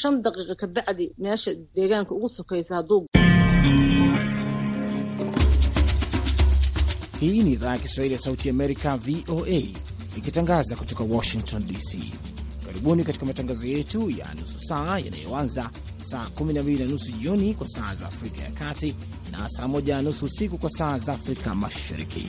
shan daqiiqo kabacdi meesha deegaanka ugu sokeysa hadduu Hii ni idhaa ya Kiswahili ya Sauti Amerika, VOA, ikitangaza kutoka Washington DC. Karibuni katika matangazo yetu ya nusu saa yanayoanza saa 12 na nusu jioni kwa saa za Afrika ya Kati na saa 1 na nusu usiku kwa saa za Afrika Mashariki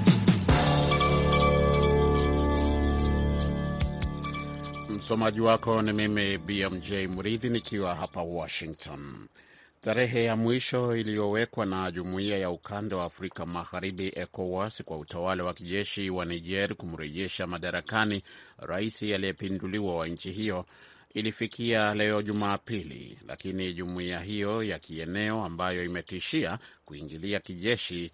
Msomaji wako ni mimi BMJ Mridhi nikiwa hapa Washington. Tarehe ya mwisho iliyowekwa na jumuiya ya ukanda wa Afrika Magharibi, ECOWAS, kwa utawala wa kijeshi wa Niger kumrejesha madarakani rais aliyepinduliwa wa nchi hiyo ilifikia leo Jumapili, lakini jumuiya hiyo ya kieneo ambayo imetishia kuingilia kijeshi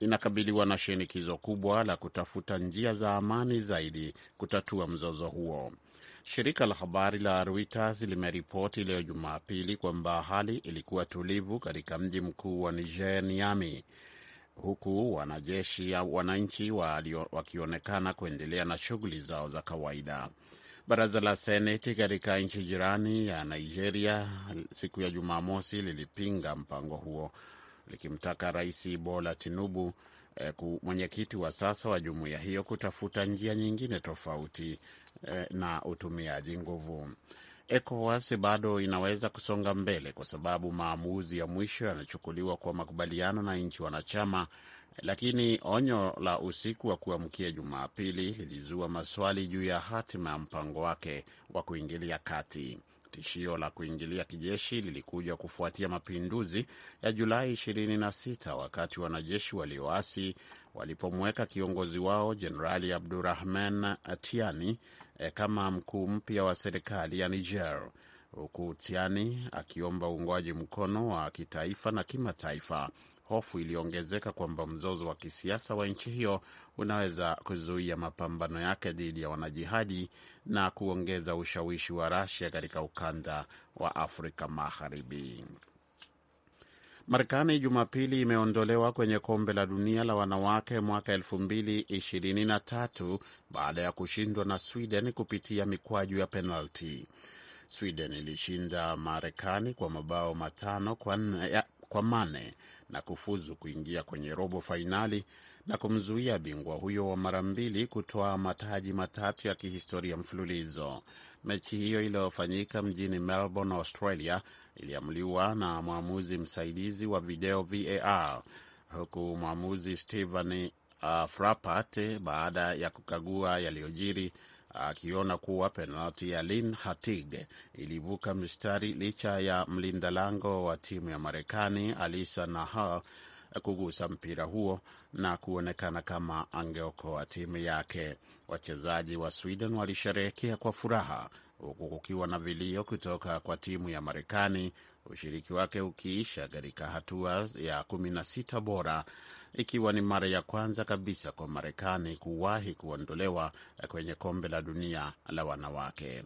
inakabiliwa na shinikizo kubwa la kutafuta njia za amani zaidi kutatua mzozo huo. Shirika la habari la Reuters limeripoti leo Jumapili kwamba hali ilikuwa tulivu katika mji mkuu wa Niger, Niamey, huku wanajeshi au wananchi wakionekana kuendelea na shughuli zao za kawaida. Baraza la Seneti katika nchi jirani ya Nigeria siku ya Jumamosi lilipinga mpango huo likimtaka Rais Bola Tinubu, eh, mwenyekiti wa sasa wa jumuiya hiyo, kutafuta njia nyingine tofauti Eh, na utumiaji nguvu. ECOWAS bado inaweza kusonga mbele kwa sababu maamuzi ya mwisho yanachukuliwa kwa makubaliano na nchi wanachama, lakini onyo la usiku wa kuamkia Jumapili lilizua maswali juu ya hatima ya mpango wake wa kuingilia kati. Tishio la kuingilia kijeshi lilikuja kufuatia mapinduzi ya Julai 26 wakati wanajeshi walioasi walipomweka kiongozi wao Jenerali Abdurahman Tiani Eh, kama mkuu mpya wa serikali ya Niger, huku Tiani akiomba uungwaji mkono wa kitaifa na kimataifa. Hofu iliongezeka kwamba mzozo wa kisiasa wa nchi hiyo unaweza kuzuia mapambano yake dhidi ya wanajihadi na kuongeza ushawishi wa Rasia katika ukanda wa Afrika Magharibi. Marekani Jumapili imeondolewa kwenye kombe la dunia la wanawake mwaka 2023 baada ya kushindwa na Sweden kupitia mikwaju ya penalti. Sweden ilishinda Marekani kwa mabao matano kwa, ya, kwa mane na kufuzu kuingia kwenye robo fainali na kumzuia bingwa huyo wa mara mbili kutoa mataji matatu ya kihistoria mfululizo. Mechi hiyo iliyofanyika mjini Melbourne, Australia, iliamuliwa na mwamuzi msaidizi wa video VAR, huku mwamuzi stehen uh, Frappart baada ya kukagua yaliyojiri akiona uh, kuwa penalti ya Lin Hatig ilivuka mistari licha ya mlinda lango wa timu ya Marekani Alisa Nahar kugusa mpira huo na kuonekana kama angeokoa timu yake wachezaji wa Sweden walisherehekea kwa furaha huku kukiwa na vilio kutoka kwa timu ya Marekani, ushiriki wake ukiisha katika hatua ya 16 bora, ikiwa ni mara ya kwanza kabisa kwa Marekani kuwahi kuondolewa kwenye kombe la dunia la wanawake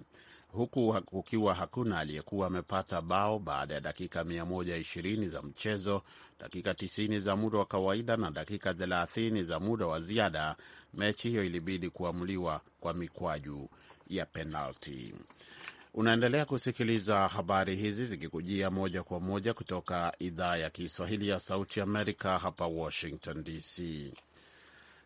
huku kukiwa hakuna aliyekuwa amepata bao baada ya dakika 120 za mchezo, dakika 90 za muda wa kawaida na dakika 30 za muda wa ziada. Mechi hiyo ilibidi kuamuliwa kwa mikwaju ya penalti. Unaendelea kusikiliza habari hizi zikikujia moja kwa moja kutoka idhaa ya Kiswahili ya Sauti Amerika, hapa Washington DC.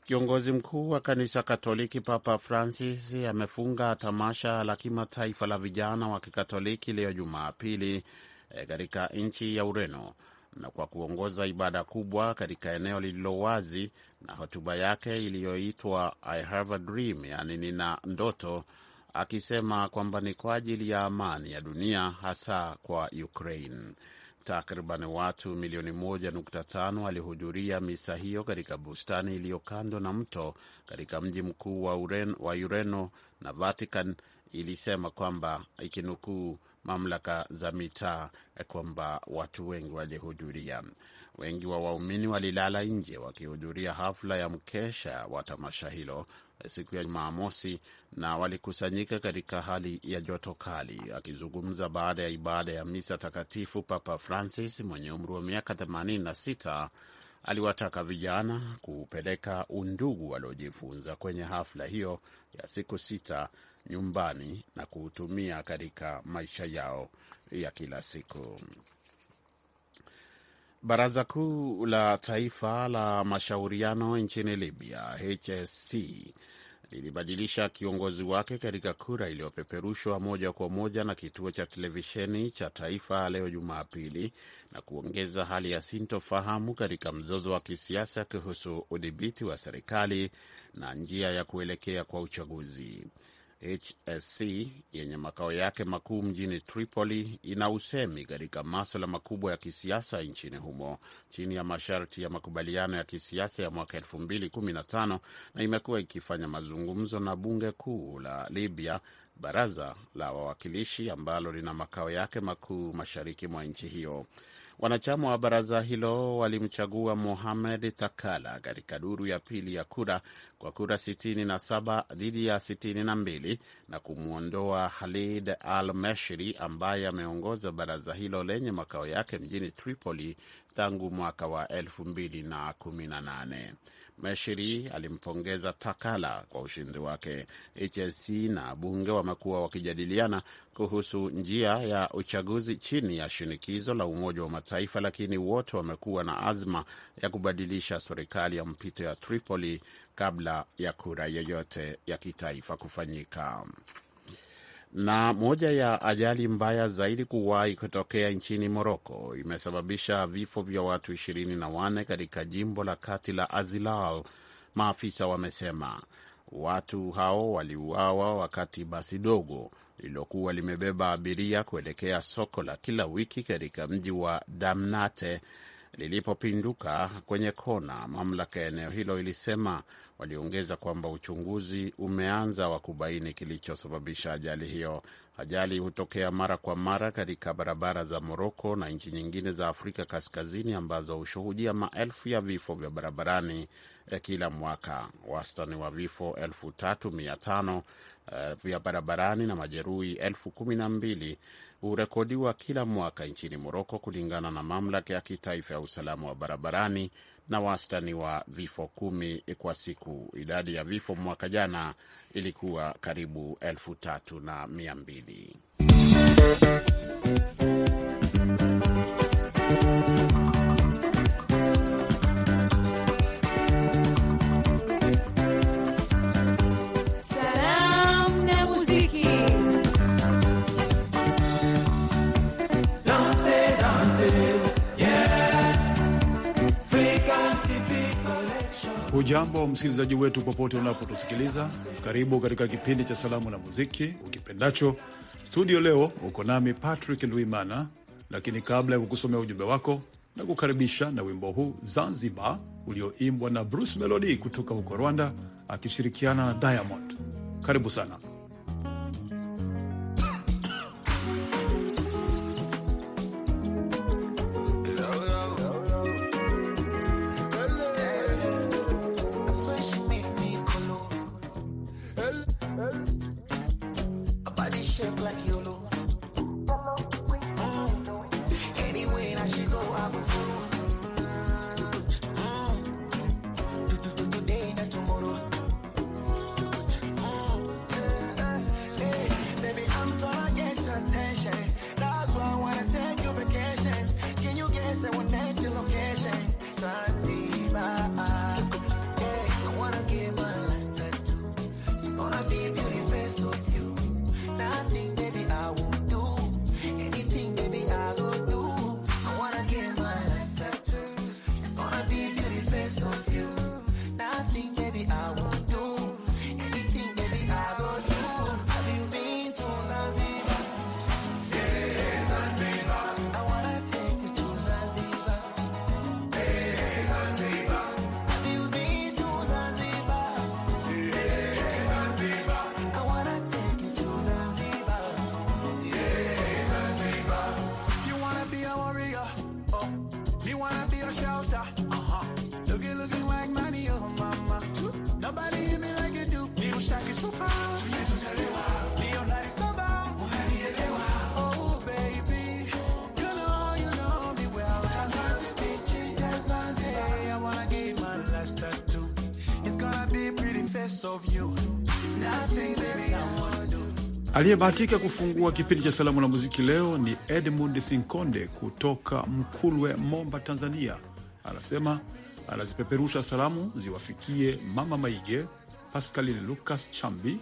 Kiongozi mkuu wa kanisa Katoliki Papa Francis amefunga tamasha la kimataifa la vijana wa Kikatoliki leo Jumapili eh, katika nchi ya Ureno na kwa kuongoza ibada kubwa katika eneo lililo wazi na hotuba yake iliyoitwa I have a dream, yaani nina ndoto, akisema kwamba ni kwa ajili ya amani ya dunia hasa kwa Ukraine takriban watu milioni 1.5 walihudhuria misa hiyo katika bustani iliyo kando na mto katika mji mkuu wa, wa Ureno, na Vatican ilisema kwamba ikinukuu mamlaka za mitaa eh, kwamba watu wengi walihudhuria. Wengi wa waumini walilala nje wakihudhuria hafla ya mkesha wa tamasha hilo siku ya Jumamosi na walikusanyika katika hali ya joto kali. Akizungumza baada ya ibada ya misa takatifu, Papa Francis mwenye umri wa miaka 86 aliwataka vijana kupeleka undugu waliojifunza kwenye hafla hiyo ya siku sita nyumbani na kuutumia katika maisha yao ya kila siku. Baraza Kuu la Taifa la Mashauriano nchini Libya, HSC, lilibadilisha kiongozi wake katika kura iliyopeperushwa moja kwa moja na kituo cha televisheni cha taifa leo Jumapili, na kuongeza hali ya sintofahamu katika mzozo wa kisiasa kuhusu udhibiti wa serikali na njia ya kuelekea kwa uchaguzi. HSC yenye makao yake makuu mjini Tripoli ina usemi katika maswala makubwa ya kisiasa nchini humo chini ya masharti ya makubaliano ya kisiasa ya mwaka 2015 na imekuwa ikifanya mazungumzo na bunge kuu la Libya, baraza la wawakilishi ambalo lina makao yake makuu mashariki mwa nchi hiyo. Wanachama wa baraza hilo walimchagua Mohamed Takala katika duru ya pili ya kura kwa kura 67 dhidi ya 62 na kumwondoa Khalid Al Meshri ambaye ameongoza baraza hilo lenye makao yake mjini Tripoli tangu mwaka wa 2018. Meshiri alimpongeza Takala kwa ushindi wake. HSC na bunge wamekuwa wakijadiliana kuhusu njia ya uchaguzi chini ya shinikizo la Umoja wa Mataifa, lakini wote wamekuwa na azma ya kubadilisha serikali ya mpito ya Tripoli kabla ya kura yoyote ya kitaifa kufanyika. Na moja ya ajali mbaya zaidi kuwahi kutokea nchini Moroko imesababisha vifo vya watu ishirini na wanne katika jimbo la kati la Azilal, maafisa wamesema. Watu hao waliuawa wakati basi dogo lililokuwa limebeba abiria kuelekea soko la kila wiki katika mji wa Damnate lilipopinduka kwenye kona, mamlaka ya eneo hilo ilisema. Waliongeza kwamba uchunguzi umeanza wa kubaini kilichosababisha ajali hiyo. Ajali hutokea mara kwa mara katika barabara za Moroko na nchi nyingine za Afrika Kaskazini ambazo hushuhudia maelfu ya vifo vya barabarani eh, kila mwaka. Wastani wa vifo elfu tatu mia tano eh, vya barabarani na majeruhi elfu kumi na mbili hurekodiwa kila mwaka nchini Moroko, kulingana na mamlaka ya kitaifa ya usalama wa barabarani na wastani wa vifo kumi kwa siku. Idadi ya vifo mwaka jana ilikuwa karibu elfu tatu na mia mbili. Hujambo msikilizaji wetu popote unapotusikiliza, karibu katika kipindi cha salamu na muziki ukipendacho. Studio leo uko nami Patrick Ndwimana, lakini kabla ya kukusomea ujumbe wako na kukaribisha na wimbo huu Zanzibar ulioimbwa na Bruce Melody kutoka huko Rwanda akishirikiana na Diamond. Karibu sana. Aliyebahatika kufungua kipindi cha salamu na muziki leo ni Edmund Sinkonde kutoka Mkulwe, Momba, Tanzania. Anasema anazipeperusha salamu ziwafikie Mama Maige, Pascaline Lucas Chambi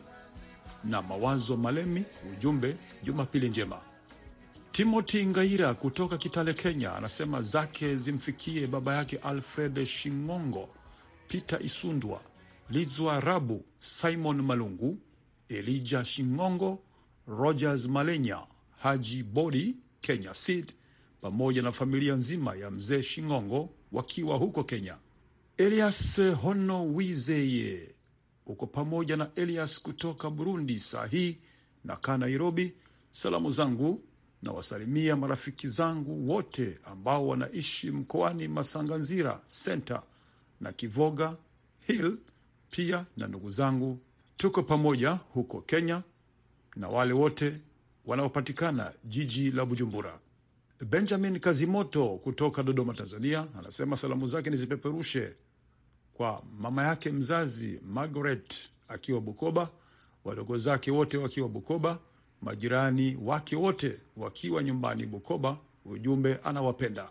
na Mawazo Malemi. Ujumbe, jumapili njema. Timothy Ngaira kutoka Kitale, Kenya, anasema zake zimfikie baba yake Alfred Shingongo, Peter Isundwa, Lizwa Rabu, Simon Malungu, Elija Shingongo, Rogers Malenya, Haji Bodi, Kenya Seed pamoja na familia nzima ya mzee Shingongo wakiwa huko Kenya. Elias Hono Wizeye uko pamoja na Elias kutoka Burundi saa hii na kaa Nairobi. Salamu zangu na wasalimia marafiki zangu wote ambao wanaishi mkoani Masanganzira Center na Kivoga Hill pia na ndugu zangu, tuko pamoja huko Kenya na wale wote wanaopatikana jiji la Bujumbura. Benjamin Kazimoto kutoka Dodoma, Tanzania, anasema salamu zake ni zipeperushe kwa mama yake mzazi Margaret akiwa Bukoba, wadogo zake wote wakiwa Bukoba, majirani wake wote wakiwa nyumbani Bukoba. Ujumbe anawapenda.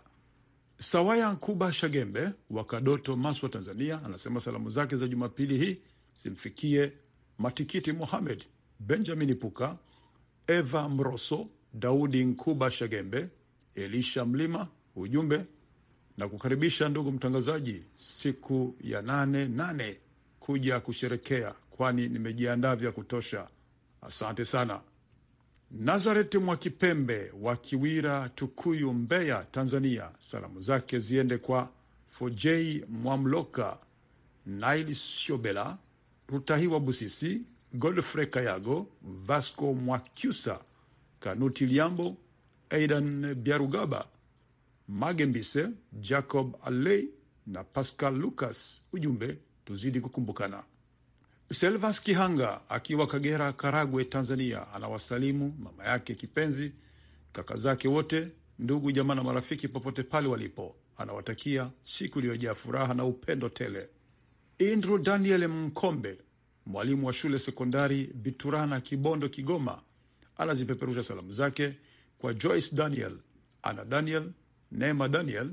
Sawaya Nkuba Shagembe wa Kadoto, Maswa, Tanzania, anasema salamu zake za Jumapili hii zimfikie Matikiti Mohamed, Benjamin Puka, Eva Mroso, Daudi Nkuba Shagembe, Elisha Mlima. Ujumbe na kukaribisha ndugu mtangazaji siku ya nane nane kuja kusherekea, kwani nimejiandaa vya kutosha. Asante sana. Nazareti Mwakipembe wa Kiwira, Tukuyu, Mbeya, Tanzania, salamu zake ziende kwa Fojei Mwamloka, Nail Shobela, Rutahiwa Busisi, Godfrey Kayago, Vasco Mwakyusa, Kanuti Liambo, Aidan Biarugaba, Magembise, Jacob alley na Pascal Lucas. Ujumbe, tuzidi kukumbukana. Selvas Kihanga akiwa Kagera, Karagwe, Tanzania, anawasalimu mama yake kipenzi, kaka zake wote, ndugu jamaa na marafiki popote pale walipo. Anawatakia siku iliyojaa furaha na upendo tele. Indru Daniel Mkombe, mwalimu wa shule sekondari Biturana, Kibondo, Kigoma, anazipeperusha salamu zake kwa Joyce Daniel, Ana Daniel, Neema Daniel,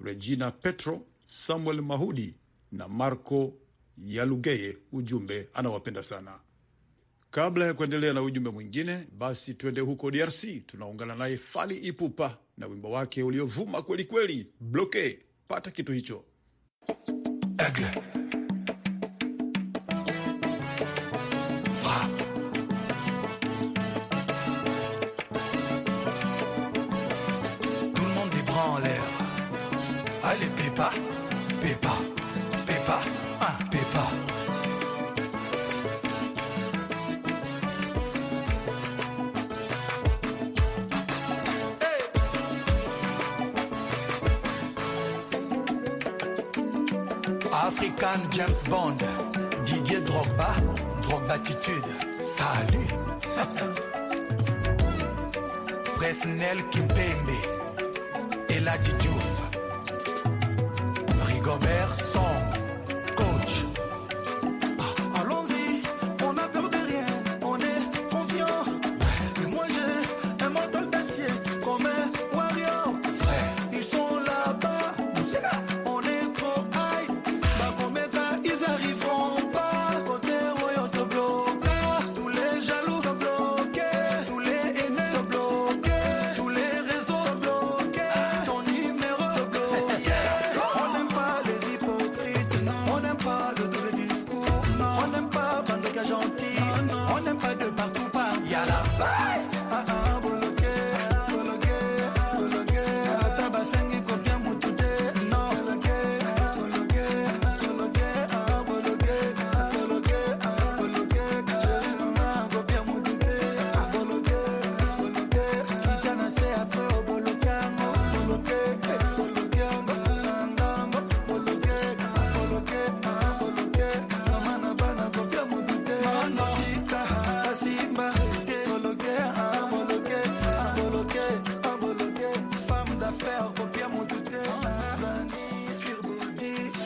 Regina Petro, Samuel Mahudi na Marco Yalugeye, ujumbe anawapenda sana. Kabla ya kuendelea na ujumbe mwingine, basi twende huko DRC. Tunaungana naye Fali Ipupa na wimbo wake uliovuma kweli kweli, Bloke. Pata kitu hicho Agle. Ah. Allez,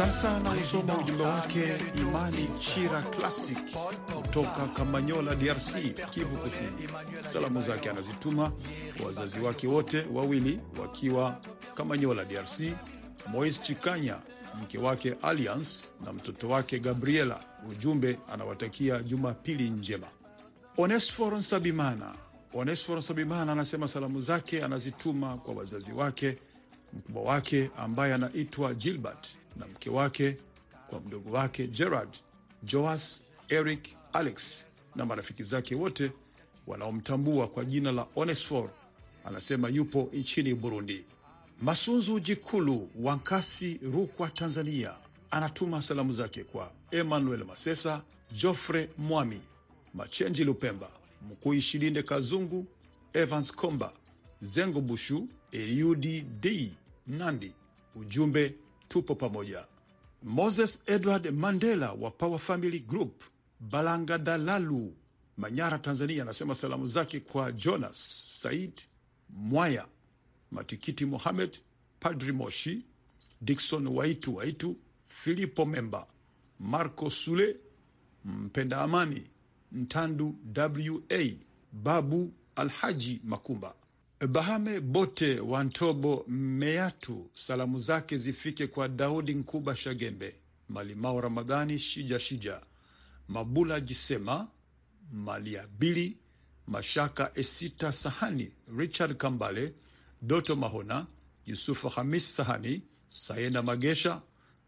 Sasa anausoma ujumbe wake Imani Chira Classic kutoka Kamanyola, DRC, Kivu Kusini. Salamu zake anazituma kwa wazazi wake wote wawili wakiwa Kamanyola, DRC, Mois Chikanya, mke wake Alliance na mtoto wake Gabriela. Ujumbe anawatakia Jumapili njema. Onesforo Sabimana, Onesforo Sabimana anasema salamu zake anazituma kwa wazazi wake, mkubwa wake ambaye anaitwa Gilbert na mke wake kwa mdogo wake Gerard, Joas, Eric, Alex na marafiki zake wote wanaomtambua kwa jina la Onesfor. Anasema yupo nchini Burundi. Masunzu Jikulu wa nkasi Rukwa, Tanzania, anatuma salamu zake kwa Emmanuel Masesa, Geoffrey Mwami, Machenji Lupemba, Mkuishilinde Kazungu, Evans Komba, Zengo Bushu, Eliudi D Nandi. Ujumbe tupo pamoja. Moses Edward Mandela wa Power Family Group, Balangadalalu, Manyara, Tanzania, anasema salamu zake kwa Jonas Said Mwaya, Matikiti Mohamed, Padri Moshi, Dikson Waitu Waitu, Filipo Memba, Marco Sule, Mpenda Amani, Mtandu wa Babu Alhaji Makumba Bahame Bote wa Ntobo Meatu, salamu zake zifike kwa Daudi Nkuba Shagembe, Malimao Ramadhani Shija Shija, Mabula Jisema, Maliabili Mashaka, Esita Sahani, Richard Kambale, Doto Mahona, Yusufu Hamis Sahani, Sayenda Magesha,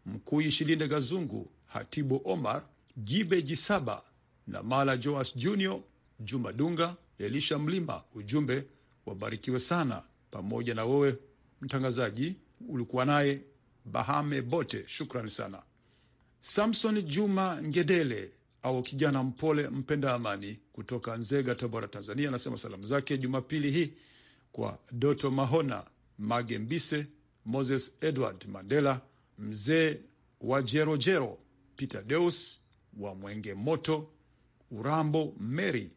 mkui Shilinde Gazungu, Hatibu Omar, Jibe Jisaba na Mala Joas Junior, Juma Dunga, Elisha Mlima. Ujumbe Wabarikiwe sana pamoja na wewe mtangazaji, ulikuwa naye Bahame Bote, shukrani sana. Samson Juma Ngedele au kijana mpole mpenda amani kutoka Nzega, Tabora, Tanzania, anasema salamu zake Jumapili hii kwa Doto Mahona, Magembise, Moses Edward Mandela, mzee wa Jerojero, Peter Deus wa Mwenge Moto, Urambo, Mary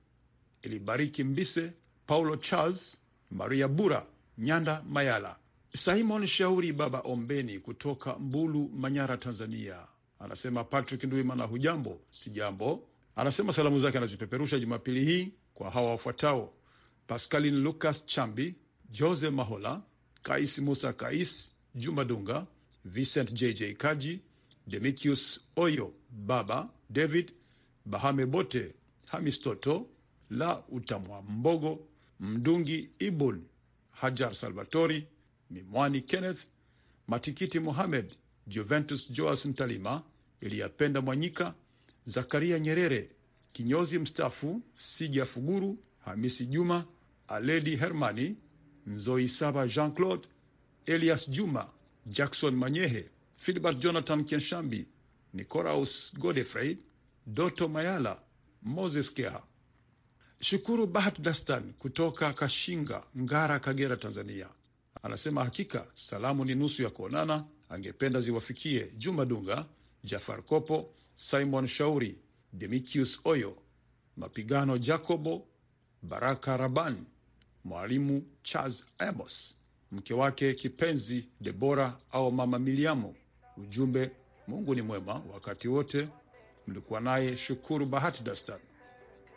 Ilibariki Mbise Paulo Charles, Maria Bura, Nyanda Mayala. Simon Shauri Baba Ombeni kutoka Mbulu, Manyara, Tanzania anasema Patrick nduimana hujambo? Sijambo. Anasema salamu zake anazipeperusha Jumapili hii kwa hawa wafuatao: Pascaline Lucas Chambi, Jose Mahola, Kais Musa Kais, Juma Dunga, Vincent JJ Kaji, Demikius Oyo Baba, David Bahame Bote, Hamistoto la Utamwa Mbogo Mdungi Ibun, Hajar Salvatori, Mimwani Kenneth, Matikiti Mohamed, Juventus Joas Ntalima, Iliyapenda Mwanyika, Zakaria Nyerere, kinyozi mstafu Sija Fuguru, Hamisi Juma, Aledi Hermani, Nzoi Saba, Jean Claude Elias Juma, Jackson Manyehe, Filbert Jonathan Kenshambi, nicolaus Godefrey, Doto Mayala, Moses Keha, Shukuru Bahat Dastan kutoka Kashinga, Ngara, Kagera, Tanzania, anasema hakika salamu ni nusu ya kuonana, angependa ziwafikie Juma Dunga, Jafar Kopo, Simon Shauri, Demikius Oyo, Mapigano Jacobo, Baraka Raban, Mwalimu Charles Amos, mke wake kipenzi Debora au Mama Miliamu. Ujumbe, Mungu ni mwema wakati wote. Mlikuwa naye Shukuru Bahati Dastan.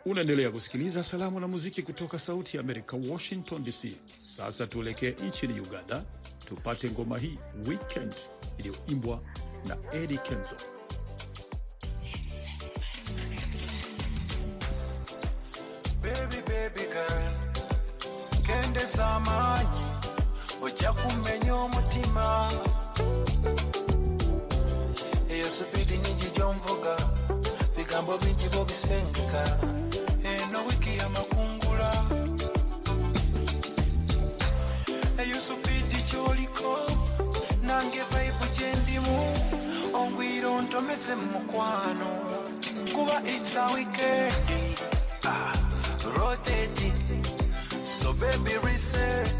Unaendelea kusikiliza salamu na muziki kutoka Sauti ya Amerika, Washington DC. Sasa tuelekee nchini Uganda, tupate ngoma hii Weekend iliyoimbwa na Eddie Kenzo. Baby, baby girl, kende zamanyi oja kumenya omutima eyo supidi nyingi muntomese mukwano kuba ah, so baby reset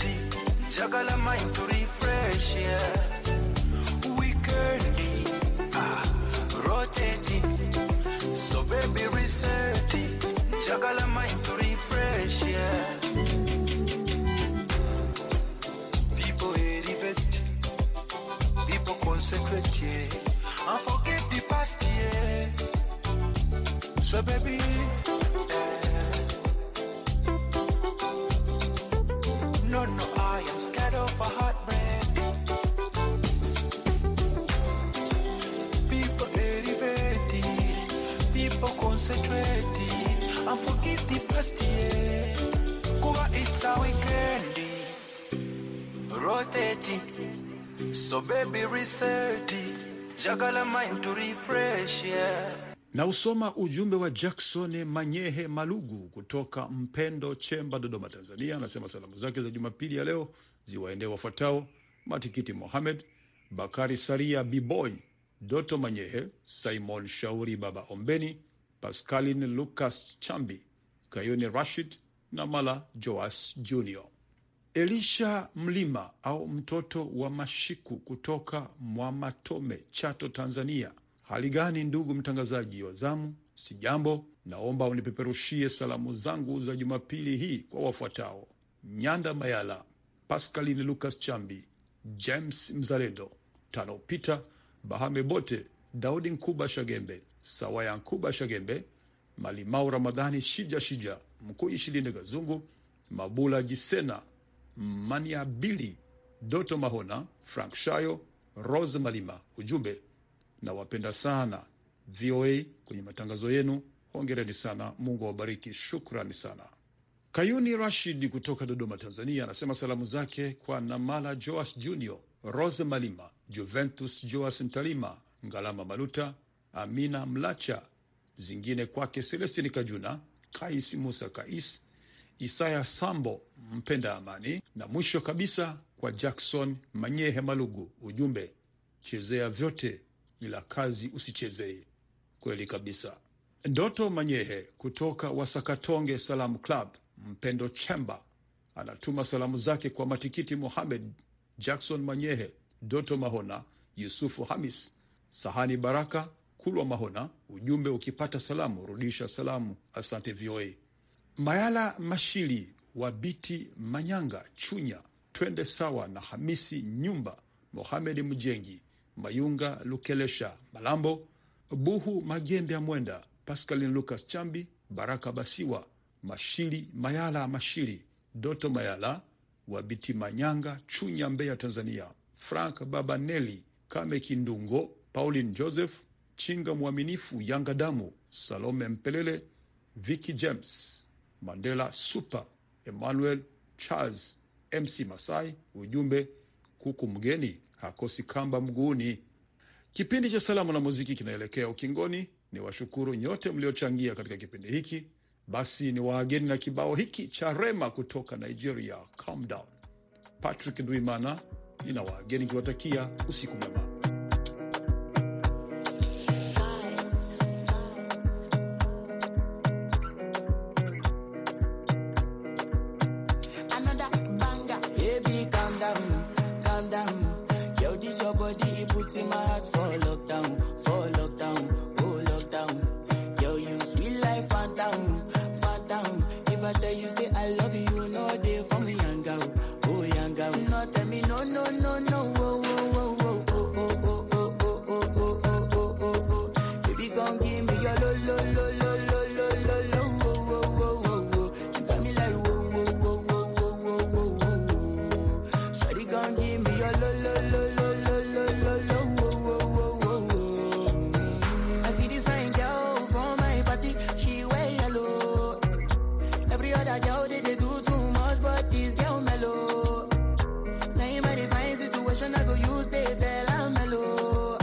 jagala mind to refresh yeah weekend ah, so baby reset jagala mind to refresh yeah last year. So, baby. No, no, I am scared of a heartbreak. People elevated, people concentrated, and forget the past year. Kuba it's a weekend, rotating. So, baby, reset it. na usoma ujumbe wa Jackson Manyehe Malugu kutoka Mpendo Chemba, Dodoma, Tanzania. Anasema salamu zake za Jumapili ya leo ziwaendee wafuatao: Matikiti Mohamed, Bakari Saria, Biboy Doto Manyehe, Simon Shauri, Baba Ombeni, Pascalin Lucas Chambi, Kayone Rashid na Mala Joas Junior. Elisha Mlima au mtoto wa Mashiku kutoka Mwamatome, Chato, Tanzania. Hali gani ndugu mtangazaji wa zamu? si jambo naomba unipeperushie salamu zangu za Jumapili hii kwa wafuatao: Nyanda Mayala, Pascaline Lucas Chambi, James Mzalendo, Tano Peter Bahame Bote, Daudi Nkuba Shagembe, Sawaya Nkuba Shagembe, Malimau Ramadhani Shija Shija, Mkuu Ishilinde Gazungu, Mabula Jisena Maniabili, Doto Mahona, Frank Shayo, Rose Malima. Ujumbe, nawapenda sana VOA kwenye matangazo yenu, hongereni sana, Mungu awabariki. Shukrani sana. Kayuni Rashid kutoka Dodoma, Tanzania, anasema salamu zake kwa Namala Joas Junior, Rose Malima, Juventus Joas Ntalima, Ngalama Maluta, Amina Mlacha, zingine kwake Celestini Kajuna, Kais Musa Kais, Isaya Sambo, mpenda amani, na mwisho kabisa kwa Jackson Manyehe Malugu, ujumbe chezea vyote ila kazi usichezee. Kweli kabisa. Ndoto Manyehe kutoka Wasakatonge Salamu Club, Mpendo Chemba, anatuma salamu zake kwa Matikiti muhamed Jackson Manyehe, Doto Mahona, Yusufu Hamis, Sahani Baraka, Kulwa Mahona. Ujumbe, ukipata salamu rudisha salamu. Asante VOA. Mayala Mashili wa Biti, Manyanga, Chunya, Twende Sawa na Hamisi Nyumba, Mohamedi Mjengi, Mayunga Lukelesha, Malambo Buhu, Magembe ya Mwenda, Pascaline Lucas Chambi, Baraka Basiwa, Mashili Mayala Mashili, Doto Mayala wa Biti, Manyanga, Chunya, Mbeya, Tanzania, Frank Babaneli, Kame Kindungo, paulin Joseph Chinga, Mwaminifu Yanga Damu, Salome Mpelele, Vicky James Mandela Super, Emmanuel Charles, MC Masai. Ujumbe, kuku mgeni hakosi kamba mguuni. Kipindi cha salamu na muziki kinaelekea ukingoni. Ni washukuru nyote mliochangia katika kipindi hiki. Basi ni waageni na kibao hiki cha Rema kutoka Nigeria, calm down. Patrick Ndwimana nina waageni kiwatakia usiku mwema. they, they do too much, but this girl mellow. Now in my divine situation, I go use they tell I'm mellow.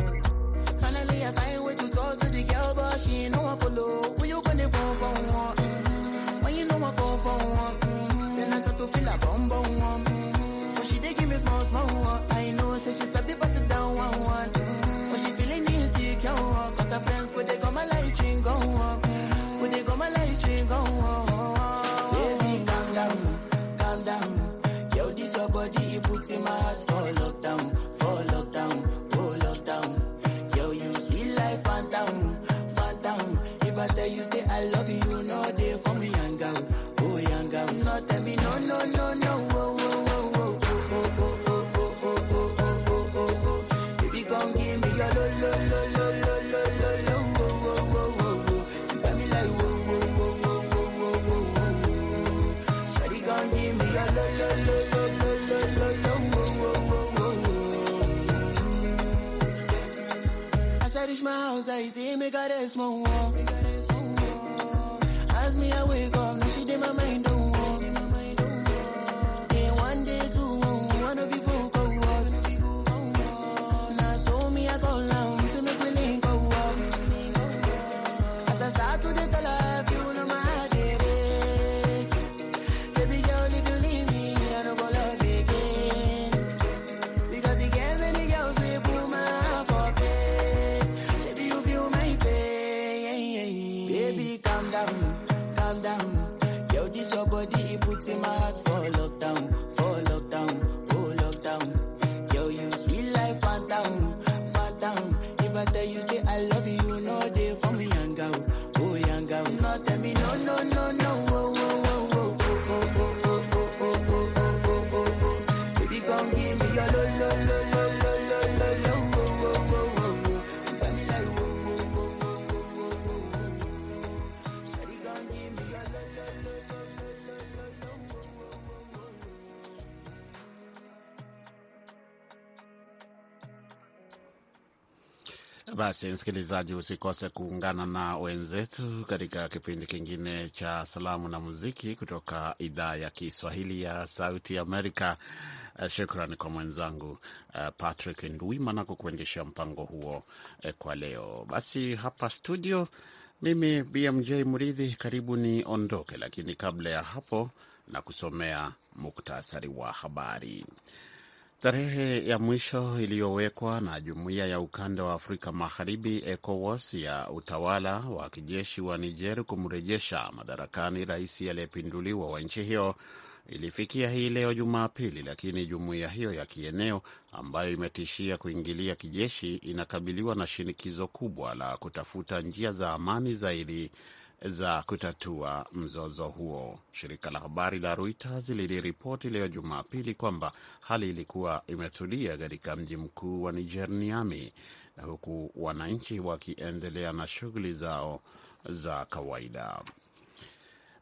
Finally, I find way to talk to the girl, but she ain't no one follow. Will you gonna phone for one? Mm-hmm. When you know I phone for one, mm-hmm. then I start to feel a bum bum one. Mm-hmm. But she they give me small small one. causa y si me cares, mo, hazme awake. Basi msikilizaji, usikose kuungana na wenzetu katika kipindi kingine cha salamu na muziki kutoka idhaa ya Kiswahili ya Sauti Amerika. Eh, shukran kwa mwenzangu eh, Patrick Ndwimana kwa kuendesha mpango huo eh, kwa leo. Basi hapa studio, mimi BMJ Mridhi, karibu ni ondoke, lakini kabla ya hapo na kusomea muktasari wa habari. Tarehe ya mwisho iliyowekwa na Jumuiya ya Ukanda wa Afrika Magharibi ECOWAS ya utawala wa kijeshi wa Niger kumrejesha madarakani rais aliyepinduliwa wa nchi hiyo ilifikia hii leo Jumapili, lakini jumuiya hiyo ya kieneo ambayo imetishia kuingilia kijeshi inakabiliwa na shinikizo kubwa la kutafuta njia za amani zaidi za kutatua mzozo huo. Shirika la habari la Reuters liliripoti leo Jumapili kwamba hali ilikuwa imetulia katika mji mkuu wa Niger, Niamey, huku wananchi wakiendelea na shughuli zao za kawaida.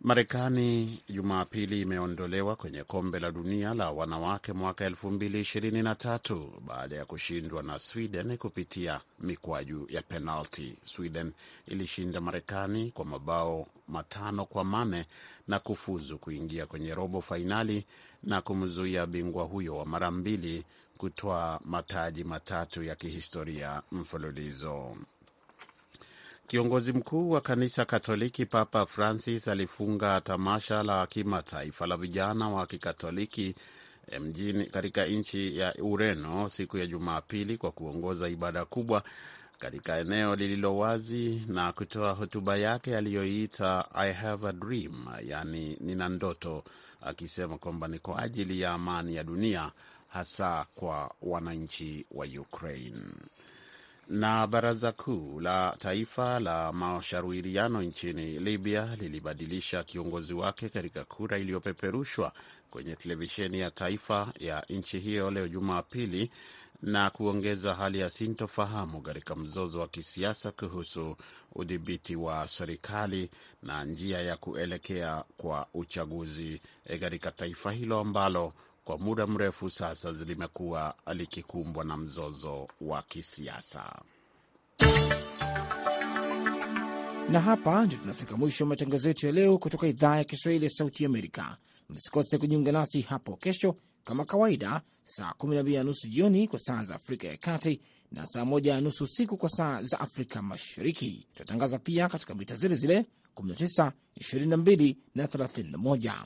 Marekani Jumapili imeondolewa kwenye kombe la dunia la wanawake mwaka 2023 baada ya kushindwa na Sweden kupitia mikwaju ya penalti. Sweden ilishinda Marekani kwa mabao matano kwa mane na kufuzu kuingia kwenye robo fainali na kumzuia bingwa huyo wa mara mbili kutoa mataji matatu ya kihistoria mfululizo. Kiongozi mkuu wa kanisa Katoliki Papa Francis alifunga tamasha la kimataifa la vijana wa Kikatoliki eh, mjini katika nchi ya Ureno siku ya Jumapili kwa kuongoza ibada kubwa katika eneo lililo wazi na kutoa hotuba yake aliyoiita I have a dream, yaani nina ndoto, akisema kwamba ni kwa ajili ya amani ya dunia hasa kwa wananchi wa Ukraine. Na Baraza Kuu la Taifa la Mashauriano nchini Libya lilibadilisha kiongozi wake katika kura iliyopeperushwa kwenye televisheni ya taifa ya nchi hiyo leo Jumapili, na kuongeza hali ya sintofahamu katika mzozo wa kisiasa kuhusu udhibiti wa serikali na njia ya kuelekea kwa uchaguzi eh, katika taifa hilo ambalo kwa muda mrefu sasa limekuwa likikumbwa na mzozo wa kisiasa. Na hapa ndio tunafika mwisho wa matangazo yetu ya leo kutoka idhaa ya Kiswahili ya Sauti Amerika. Msikose kujiunga nasi hapo kesho kama kawaida, saa 12 na nusu jioni kwa saa za Afrika ya Kati na saa 1 na nusu usiku kwa saa za Afrika Mashariki. tunatangaza pia katika mita zile zile 19, 22 na 31.